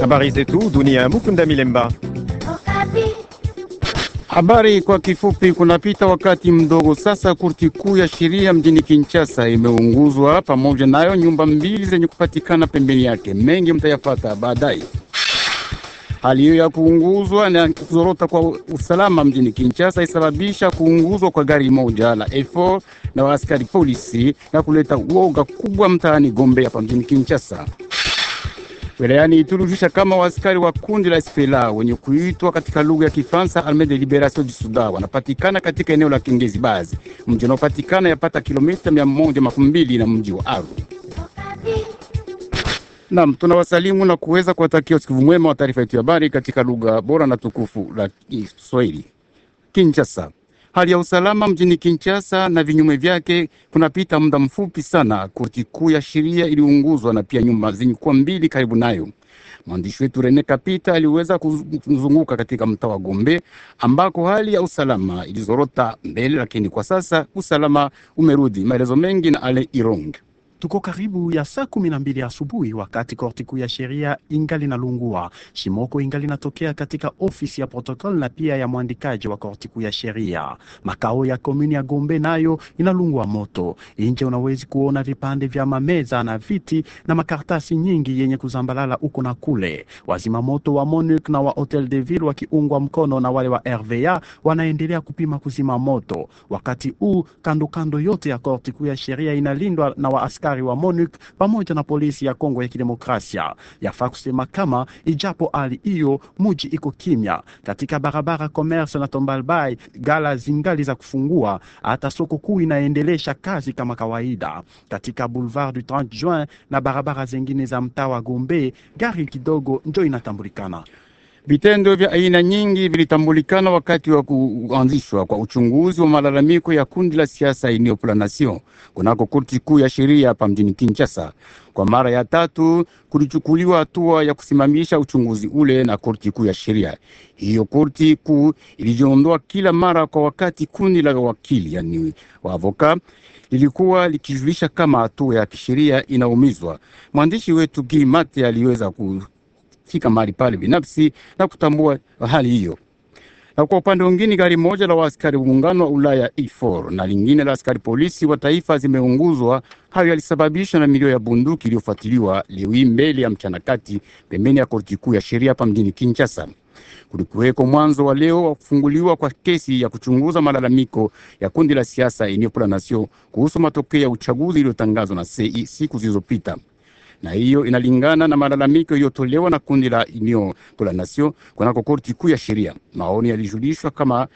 Habari zetu dunia, Mukunda Milemba. Habari kwa kifupi. Kunapita wakati mdogo sasa, kurti kuu ya sheria mjini Kinshasa imeunguzwa pamoja nayo nyumba mbili zenye kupatikana pembeni yake. Mengi mtayafata baadaye. Hali hiyo ya kuunguzwa na kuzorota kwa usalama mjini Kinshasa isababisha kuunguzwa kwa gari moja la effort na waaskari polisi na kuleta uoga kubwa mtaani Gombe hapa mjini Kinshasa wilayani Ituri kama waskari wa kundi la SPLA wenye kuitwa katika lugha ya Kifaransa Armee de Liberation du Sudan wanapatikana katika eneo la Kengezi Bazi, mji unaopatikana yapata kilomita mia moja makumi mbili na mji wa Aru. Naam, tunawasalimu na kuweza kuwatakia usikivu mwema wa taarifa yetu ya habari katika lugha bora na tukufu la Kiswahili. Kinshasa. Hali ya usalama mjini Kinshasa na vinyume vyake kunapita muda mfupi sana, kurti kuu ya sheria iliunguzwa na pia nyumba kuwa mbili karibu nayo. Mwandishi wetu Rene Kapita aliweza kuzunguka katika mtaa wa Gombe ambako hali ya usalama ilizorota mbele, lakini kwa sasa usalama umerudi. Maelezo mengi na Ale Irong. Tuko karibu ya saa kumi na mbili asubuhi, wakati korti kuu ya sheria ingali na lungua shimoko ingali natokea katika ofisi ya protokol na pia ya mwandikaji wa korti kuu ya sheria. Makao ya komuni ya Gombe nayo inalungua moto. Inje unawezi kuona vipande vya mameza na viti na makaratasi nyingi yenye kuzambalala huko na kule. Wazima moto wa MONUC na wa Hotel de Ville wakiungwa mkono na wale wa RVA wanaendelea kupima kuzima moto. Wakati huu kandokando yote ya korti kuu ya sheria inalindwa na waaskari askari wa MONUC pamoja na polisi ya Kongo ya Kidemokrasia. Yafaa kusema kama ijapo hali hiyo, muji iko kimya. Katika barabara Commerce na Tombalbay, gala zingali za kufungua, hata soko kuu inaendelesha kazi kama kawaida. Katika Boulevard du 30 Juin na barabara zengine za mtaa wa Gombe, gari kidogo njo inatambulikana. Vitendo vya aina nyingi vilitambulikana wakati wa kuanzishwa kwa uchunguzi wa malalamiko ya kundi la siasa Union pour la Nation kunako korti kuu ya sheria hapa mjini Kinshasa. Kwa mara ya tatu kulichukuliwa hatua ya kusimamisha uchunguzi ule na korti kuu ya sheria. Hiyo korti kuu ilijiondoa kila mara kwa wakati kundi la wakili, yani waavoka, lilikuwa likijulisha kama hatua ya kisheria inaumizwa. Mwandishi wetu Gimate aliweza ku kufika mahali pale binafsi na kutambua hali hiyo. Na kwa upande mwingine, gari moja la askari muungano wa Ulaya E4 na lingine la askari polisi wa taifa zimeunguzwa. Hayo yalisababishwa na milio ya bunduki iliyofuatiliwa leo mbele ya mchana kati pembeni ya korti kuu ya sheria hapa mjini Kinshasa. Kulikuweko mwanzo wa leo wa kufunguliwa kwa kesi ya kuchunguza malalamiko ya kundi la siasa Union pour la Nation kuhusu matokeo ya uchaguzi iliyotangazwa na CEI siku zilizopita na hiyo inalingana na malalamiko iliyotolewa na kundi la Union pour la Nation kunako korti kuu ya sheria. Maoni yalijulishwa kama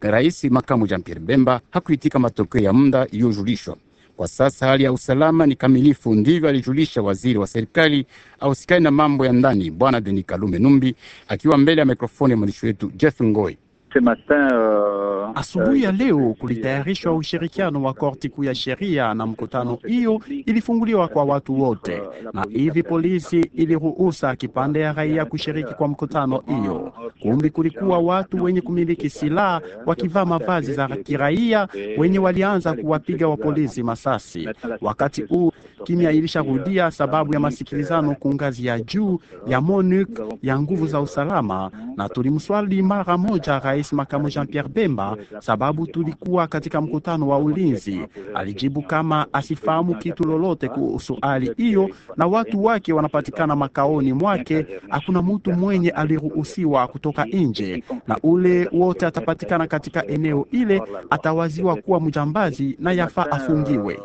rais makamu Jean Pierre Bemba hakuitika matokeo ya muda iliyojulishwa. Kwa sasa hali ya usalama ni kamilifu, ndivyo alijulisha waziri wa serikali ausikani na mambo ya ndani bwana Denis Kalume Numbi akiwa mbele ya mikrofoni ya mwandishi wetu Jeff Ngoi. Ce matin, uh... Asubuhi ya leo kulitayarishwa ushirikiano wa korti kuu ya sheria, na mkutano hiyo ilifunguliwa kwa watu wote, na hivi polisi iliruhusa kipande ya raia kushiriki kwa mkutano hiyo. Kumbi kulikuwa watu wenye kumiliki silaha wakivaa mavazi za kiraia, wenye walianza kuwapiga wa polisi masasi. Wakati huu kimya ilisharudia sababu ya masikilizano ku ngazi ya juu ya MONUC ya nguvu za usalama, na tulimswali mara moja Rais Makamu Jean Pierre Bemba sababu tulikuwa katika mkutano wa ulinzi. Alijibu kama asifahamu kitu lolote kuhusu hali hiyo, na watu wake wanapatikana makaoni mwake. Hakuna mtu mwenye aliruhusiwa kutoka nje, na ule wote atapatikana katika eneo ile atawaziwa kuwa mjambazi na yafaa afungiwe.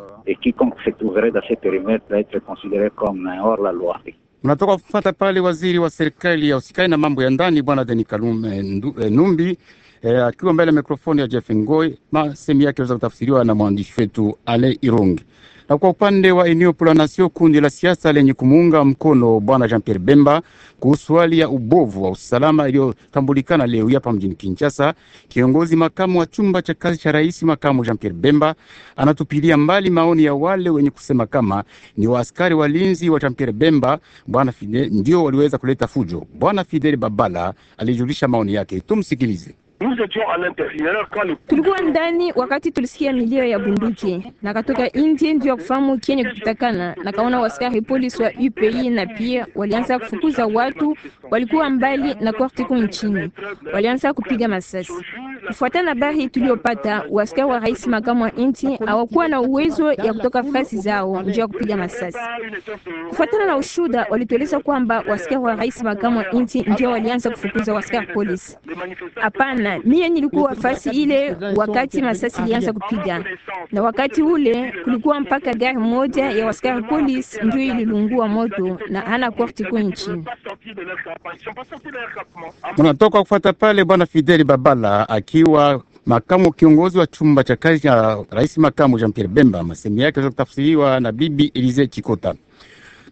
Unatoka kufata pale waziri wa serikali ya usikani na mambo ya ndani Bwana deni Kalume eh, Numbi eh, akiwa mbele ya mikrofoni ya Jeff Ngoi, masemi yake aweza kutafsiriwa na mwandishi wetu Ale Irungi. Na kwa upande wa eneo Planasio, kundi la siasa lenye kumuunga mkono bwana Jean Pierre Bemba kuhusu hali ya ubovu wa usalama iliyotambulikana leo hapa mjini Kinshasa, kiongozi makamu wa chumba cha kazi cha rais makamu Jean Pierre Bemba anatupilia mbali maoni ya wale wenye kusema kama ni waaskari walinzi wa Jean Pierre Bemba bwana Fidel ndio waliweza kuleta fujo. Bwana Fidel Babala alijulisha maoni yake, tumsikilize nous étions à l'intérieur quand le tulikuwa ndani wakati tulisikia milio ya bunduki na katoka nje, ndio kufahamu kenye kupitakana na kaona waskari polisi wa UPI na pia walianza kufukuza watu walikuwa mbali na kuu nchini, walianza kupiga masasi Kufuatana na habari tuliyopata, waskari wa rais makamu wa nchi hawakuwa na uwezo ya kutoka fasi zao njia ya kupiga masasi. Kufuatana na ushuda, walitueleza kwamba waskari wa rais makamu wa nchi ndio walianza kufukuza waskari polisi. Hapana, mimi nilikuwa fasi ile wakati masasi ilianza kupiga, na wakati ule kulikuwa mpaka gari moja ya waskari polisi ndio ililungua moto na hana korti kunchi tunatoka kufuata pale bwana Fideli Babala aki akiwa makamu kiongozi wa chumba cha kazi cha rais makamu Jean Pierre Bemba. Masemi yake yaweza kutafsiriwa na Bibi Elize Chikota.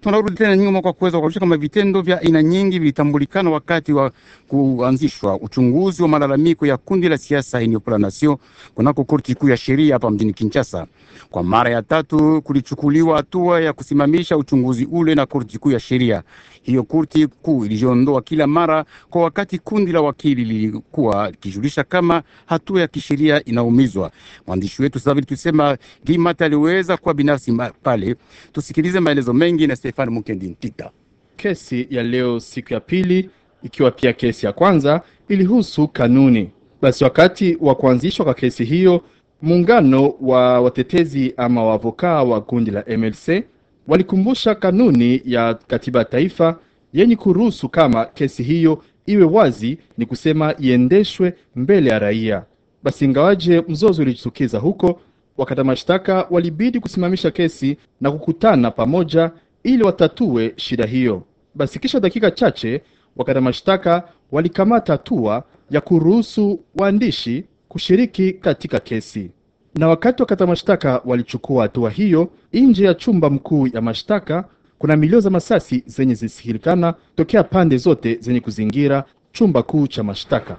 Tunarudi tena nyuma kwa kuweza kuonyesha kama vitendo vya aina nyingi vilitambulikana wakati wa kuanzishwa uchunguzi wa malalamiko ya kundi la siasa Union pour la Nation kunako korti kuu ya sheria hapa mjini Kinshasa. Kwa mara ya tatu kulichukuliwa hatua ya kusimamisha uchunguzi ule na korti kuu ya sheria. Hiyo kurti kuu iliyoondoa kila mara kwa wakati kundi la wakili lilikuwa likijulisha kama hatua ya kisheria inaumizwa. Mwandishi wetu sasa hivi tusema Gimata aliweza kuwa binafsi pale. Tusikilize maelezo mengi na Stefan Mukendi Ntita. Kesi ya leo siku ya pili, ikiwa pia kesi ya kwanza, ilihusu kanuni. Basi wakati wa kuanzishwa kwa kesi hiyo, muungano wa watetezi ama wavokaa wa kundi la MLC walikumbusha kanuni ya katiba ya taifa yenye kuruhusu kama kesi hiyo iwe wazi, ni kusema iendeshwe mbele ya raia. Basi ingawaje mzozo ulijitokeza huko, wakata mashtaka walibidi kusimamisha kesi na kukutana pamoja ili watatue shida hiyo. Basi kisha dakika chache, wakata mashtaka walikamata hatua ya kuruhusu waandishi kushiriki katika kesi na wakati wakata mashtaka walichukua hatua hiyo, nje ya chumba mkuu ya mashtaka kuna milio za masasi zenye zisikilikana tokea pande zote zenye kuzingira chumba kuu cha mashtaka,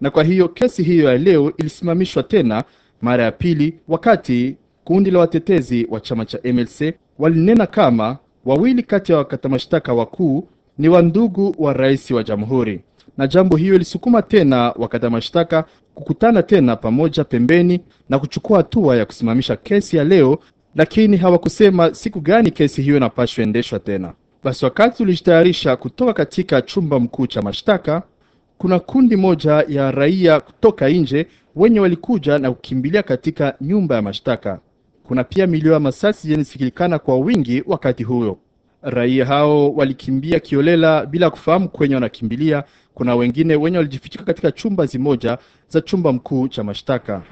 na kwa hiyo kesi hiyo ya leo ilisimamishwa tena mara ya pili, wakati kundi la watetezi wa chama cha MLC walinena kama wawili kati ya wakata mashtaka wakuu ni wandugu wa rais wa jamhuri na jambo hiyo ilisukuma tena wakata mashtaka kukutana tena pamoja pembeni na kuchukua hatua ya kusimamisha kesi ya leo, lakini hawakusema siku gani kesi hiyo inapashwa endeshwa tena. Basi wakati tulijitayarisha kutoka katika chumba mkuu cha mashtaka, kuna kundi moja ya raia kutoka nje wenye walikuja na kukimbilia katika nyumba ya mashtaka. Kuna pia milio ya masasi yenisikilikana kwa wingi wakati huyo. Raia hao walikimbia kiolela bila kufahamu kwenye wanakimbilia. Kuna wengine wenye walijifichika katika chumba zimoja za chumba mkuu cha mashtaka,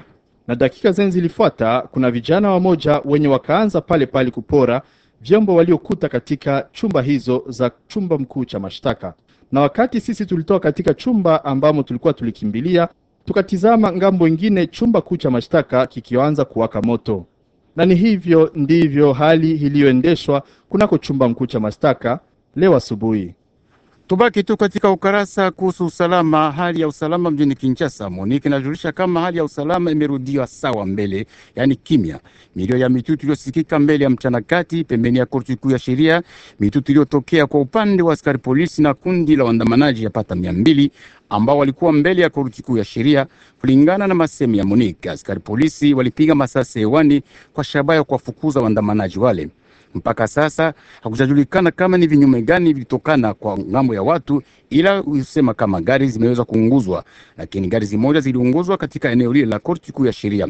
na dakika zenye zilifuata, kuna vijana wamoja wenye wakaanza pale pale kupora vyombo waliokuta katika chumba hizo za chumba mkuu cha mashtaka. Na wakati sisi tulitoka katika chumba ambamo tulikuwa tulikimbilia, tukatizama ngambo ingine, chumba kuu cha mashtaka kikianza kuwaka moto. Na ni hivyo ndivyo hali iliyoendeshwa kunako chumba mkuu cha mashtaka leo asubuhi. Tubaki tu katika ukarasa kuhusu usalama. Hali ya usalama mjini Kinshasa, MONUC inajulisha kama hali ya usalama imerudiwa sawa mbele, yaani kimya. Milio ya mitutu iliyosikika mbele ya mchana kati pembeni ya korti kuu ya sheria, mitutu iliyotokea kwa upande wa askari polisi na kundi la waandamanaji yapata mia mbili ambao walikuwa mbele ya korti kuu ya sheria. Kulingana na masemi ya MONUC, askari polisi walipiga masasi hewani kwa shabaha ya kuwafukuza waandamanaji wale. Mpaka sasa hakujajulikana kama ni vinyume gani vilitokana kwa ngambo ya watu, ila usema kama gari zimeweza kuunguzwa, lakini gari zimoja ziliunguzwa katika eneo lile la korti kuu ya sheria.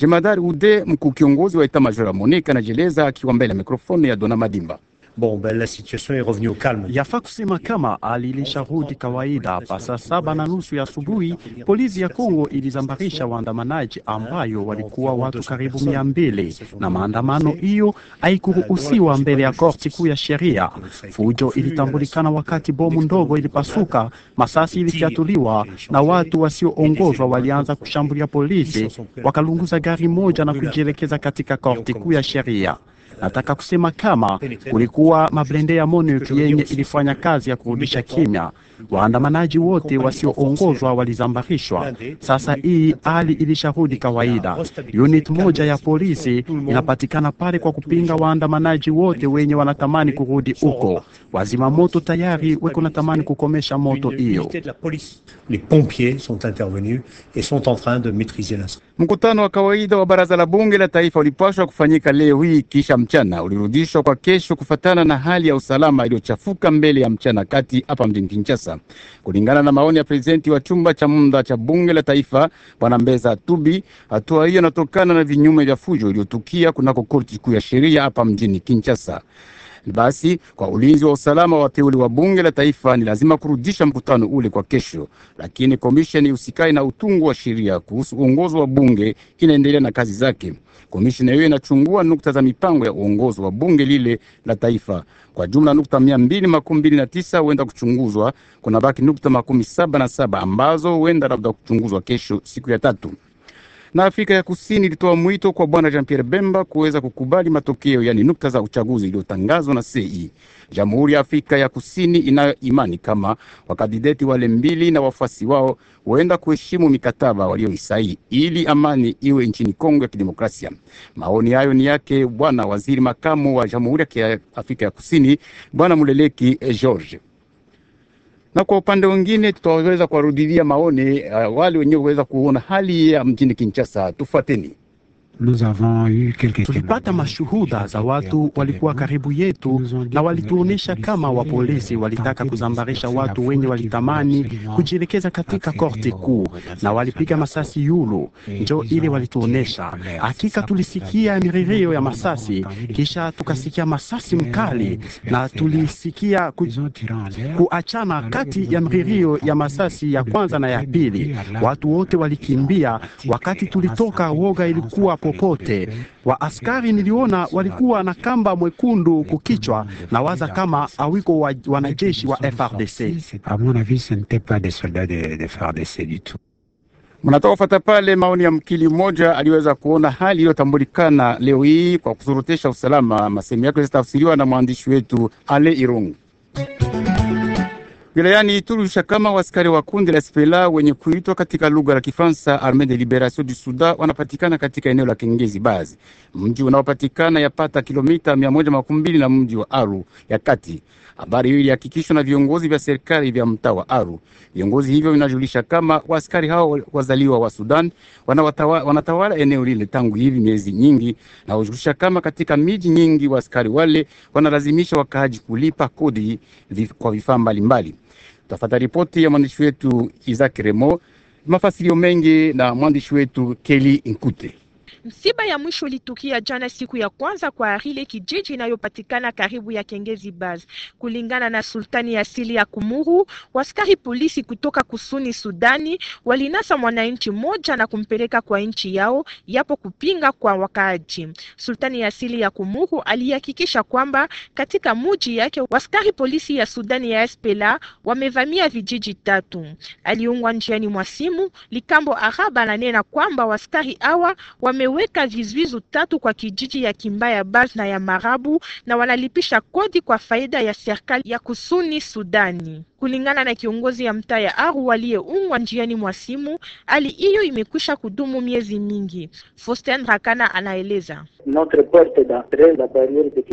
Jemadari Ude, mkuu kiongozi wa eta major ya Monika, anajieleza akiwa mbele ya mikrofoni ya Dona Madimba. Bon, ben, la situation est revenue au calme. Yafaa kusema kama hali ilisharudi kawaida. Pa saa saba na nusu ya asubuhi, polisi ya Kongo ilizambarisha waandamanaji ambayo walikuwa watu karibu mia mbili, na maandamano hiyo haikuruhusiwa mbele ya korti kuu ya sheria. Fujo ilitambulikana wakati bomu ndogo ilipasuka, masasi ilifyatuliwa na watu wasioongozwa walianza kushambulia polisi, wakalunguza gari moja na kujielekeza katika korti kuu ya sheria. Nataka kusema kama kulikuwa mablende ya MONUC yenye ilifanya kazi ya kurudisha kimya Waandamanaji wote wasioongozwa walizambarishwa. Sasa hii hali ilisharudi kawaida. Unit moja ya polisi inapatikana pale kwa kupinga waandamanaji wote wenye wanatamani kurudi huko. Wazima moto tayari weko tamani kukomesha moto hiyo. Mkutano wa kawaida wa baraza la bunge la taifa ulipashwa kufanyika leo hii kisha mchana, ulirudishwa kwa kesho kufatana na hali ya usalama iliyochafuka mbele ya mchana kati hapa mjini Kinshasa. Kinshasa. Kulingana na maoni ya prezidenti wa chumba cha muda cha bunge la taifa Bwana Mbeza Tubi, hatua hiyo inatokana na vinyume vya fujo iliyotukia kunako korti kuu ya sheria hapa mjini Kinshasa. Basi kwa ulinzi wa usalama wa teuli wa bunge la taifa ni lazima kurudisha mkutano ule kwa kesho, lakini komisheni usikai na utungu wa sheria kuhusu uongozi wa bunge inaendelea na kazi zake. Komisheni hiyo inachungua nukta za mipango ya uongozi wa bunge lile la taifa. Kwa jumla nukta mia mbili makumi mbili na tisa huenda kuchunguzwa. Kuna baki nukta makumi saba na saba ambazo huenda labda kuchunguzwa kesho siku ya tatu na Afrika ya Kusini ilitoa mwito kwa bwana Jean Pierre Bemba kuweza kukubali matokeo, yani nukta za uchaguzi iliyotangazwa na CEI. Jamhuri ya Afrika ya Kusini inayo imani kama wakandideti wale mbili na wafuasi wao huenda kuheshimu mikataba walioisaini ili amani iwe nchini Kongo ya Kidemokrasia. Maoni hayo ni yake bwana waziri makamu wa Jamhuri ya Afrika ya Kusini, bwana Muleleki George na kwa upande mwingine tutaweza kuwarudilia maoni uh, wale wenyewe kuweza kuona hali ya mjini Kinshasa. Tufuateni. Tulipata mashuhuda za watu walikuwa karibu yetu na walituonyesha kama wapolisi walitaka kuzambarisha watu wenye walitamani kujielekeza katika korti kuu, na walipiga masasi yulu njo ile walituonyesha Hakika tulisikia miririo ya masasi, kisha tukasikia masasi mkali, na tulisikia ku, kuachana kati ya miririo ya masasi ya kwanza na ya pili. Watu wote walikimbia. Wakati tulitoka woga ilikuwa popote Wa askari niliona walikuwa na kamba mwekundu kukichwa na waza kama awiko wa, wanajeshi wa FRDC. Mnatoka fata pale maoni ya mkili mmoja aliweza kuona hali iliyotambulikana leo hii kwa kuzorotesha usalama. Masemi yake zitafsiriwa na mwandishi wetu Ale Irungu wilayani Itulusha kama waskari wa kundi la Spela wenye kuitwa katika lugha la Kifaransa Armee de Liberation du Sudan wanapatikana katika eneo la Kengezi Bazi, mji unaopatikana yapata kilomita mia mbili na mji wa Aru ya kati. Habari hiyo ilihakikishwa na viongozi vya serikali vya mtaa wa Aru. Viongozi hivyo vinajulisha kama waskari hao wazaliwa wa Sudan wanatawala eneo lile tangu hivi miezi nyingi, na hujulisha kama katika miji nyingi waskari wale wanalazimisha wakaaji kulipa kodi kwa vifaa mbalimbali. Tafata ripoti ya mwandishi wetu Isaac Remo, mafasilio mengi na mwandishi wetu Kelly Nkute. Msiba ya mwisho ulitukia jana siku ya kwanza kwa Arile, kijiji inayopatikana karibu ya Kengezi Baz. Kulingana na sultani asili ya Kumuru, waskari polisi kutoka kusuni Sudani walinasa mwananchi moja na kumpeleka kwa nchi yao, yapo kupinga kwa wakaaji. Sultani asili ya Kumuru alihakikisha kwamba katika muji yake waskari polisi ya Sudani ya SPLA wamevamia vijiji tatu. Aliungwa njiani mwa simu Likambo Araba ananena kwamba waskari hawa wame wameweka vizuizo tatu kwa kijiji ya Kimbaya Bas na ya Marabu na wanalipisha kodi kwa faida ya serikali ya kusuni Sudani. Kulingana na kiongozi ya mtaa ya Aru aliyeungwa njiani mwa simu, hali hiyo imekwisha kudumu miezi mingi. Fosten Rakana anaeleza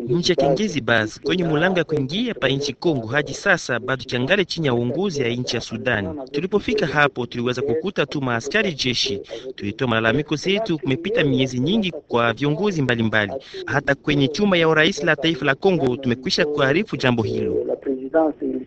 nchi ya Kengezi basi kwenye mulango ya kuingia pa nchi Kongo hadi sasa bado kiangale chini ya uongozi ya nchi ya Sudani. Tulipofika hapo tuliweza kukuta tu maaskari jeshi. Tulitoa malalamiko zetu, kumepita miezi nyingi kwa viongozi mbalimbali mbali. Hata kwenye chuma ya urais la taifa la Kongo tumekwisha kuarifu jambo hilo.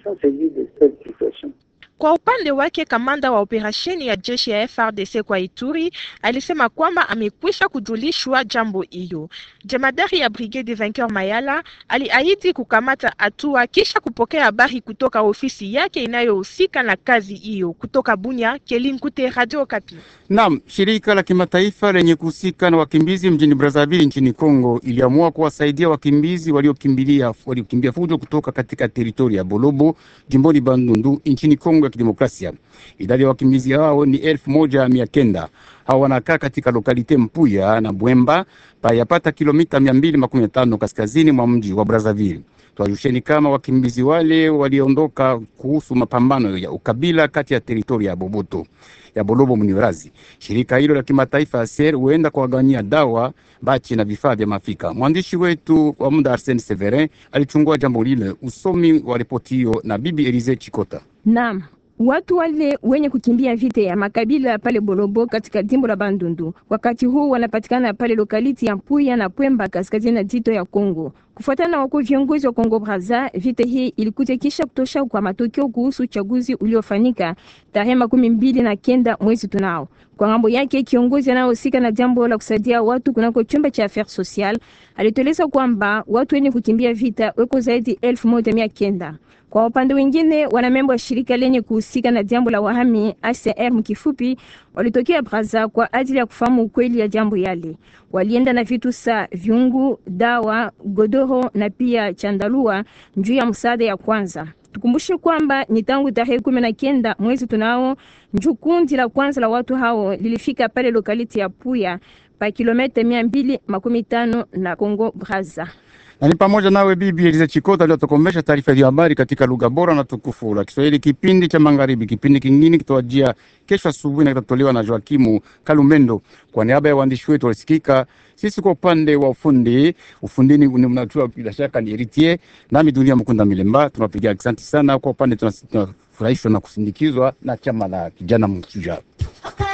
questions, I give the third Kwa upande wake kamanda wa operesheni ya jeshi ya FRDC kwa Ituri alisema kwamba amekwisha kujulishwa jambo hiyo. Jemadari ya brigade Vainqueur Mayala aliahidi kukamata hatua kisha kupokea habari kutoka ofisi yake inayohusika na kazi hiyo. Kutoka Bunya, Kelimkute, Radio Kapi. Naam, shirika la kimataifa lenye kuhusika na wakimbizi mjini Brazzaville nchini Kongo iliamua kuwasaidia wakimbizi waliokimbilia waliokimbia fujo kutoka katika teritori ya Bolobo jimboni Bandundu nchini Kongo kidemokrasia. Idadi ya wakimbizi hao ni elfu moja mia kenda. Hao wanakaa katika lokalite Mpuya na Bwemba payapata kilomita mia mbili makumi na tano kaskazini mwa mji wa Brazzaville. Twajusheni kama wakimbizi wale waliondoka kuhusu mapambano ya ukabila kati ya teritoria ya Bobuto ya Bolobo Mniorazi. Shirika hilo la kimataifa ya SER huenda kuwagawanyia dawa, bachi na vifaa vya mafika. Mwandishi wetu wa muda Arsen Severin alichungua jambo lile. Usomi wa ripoti hiyo na Bibi Elize Chikota. Naam, Watu wale wenye kukimbia vita ya makabila pale Borobo katika jimbo la Bandundu wakati huu wanapatikana pale lokaliti ya Mpuya na Pwemba kaskazini na jito ya Kongo. Kufuatana na wakuu viongozi wa Kongo Braza, vita hii ilikuja kisha kutosha kwa matokeo kuhusu uchaguzi uliofanyika tarehe makumi mbili na kenda mwezi tunao. Kwa ngambo yake, kiongozi anayehusika na jambo la kusaidia watu kunako chumba cha affaires sociale alitueleza kwamba watu wenye kukimbia vita weko zaidi elfu moja mia kenda. Kwa upande wengine, wanamemba wa shirika lenye kuhusika na jambo la wahami ACR mkifupi walitokea Braza kwa ajili ya kufahamu ukweli ya jambo yale. Walienda na vitu sa viungu, dawa, godoro na pia chandalua juu ya msaada ya kwanza. Tukumbushe kwamba ni tangu tarehe kumi na kenda mwezi tunao njuu kundi la kwanza la watu hao lilifika pale lokaliti ya Puya pa kilometa mia mbili makumi tano na Kongo Braza na ni pamoja nawe bibi Eliza Chikota aliyotukomesha taarifa ya habari katika lugha bora na tukufu la Kiswahili, kipindi cha magharibi. Kipindi kingine kitawajia kesho asubuhi na kitatolewa na Joakimu Kalumendo. Kwa niaba ya waandishi wetu walisikika, sisi kwa upande wa ufundi, ufundini mnatua bila shaka ni Eritie nami Dunia Mkunda Milemba, tunapiga asante sana. Kwa upande tunafurahishwa na kusindikizwa na chama la kijana mshujaa okay.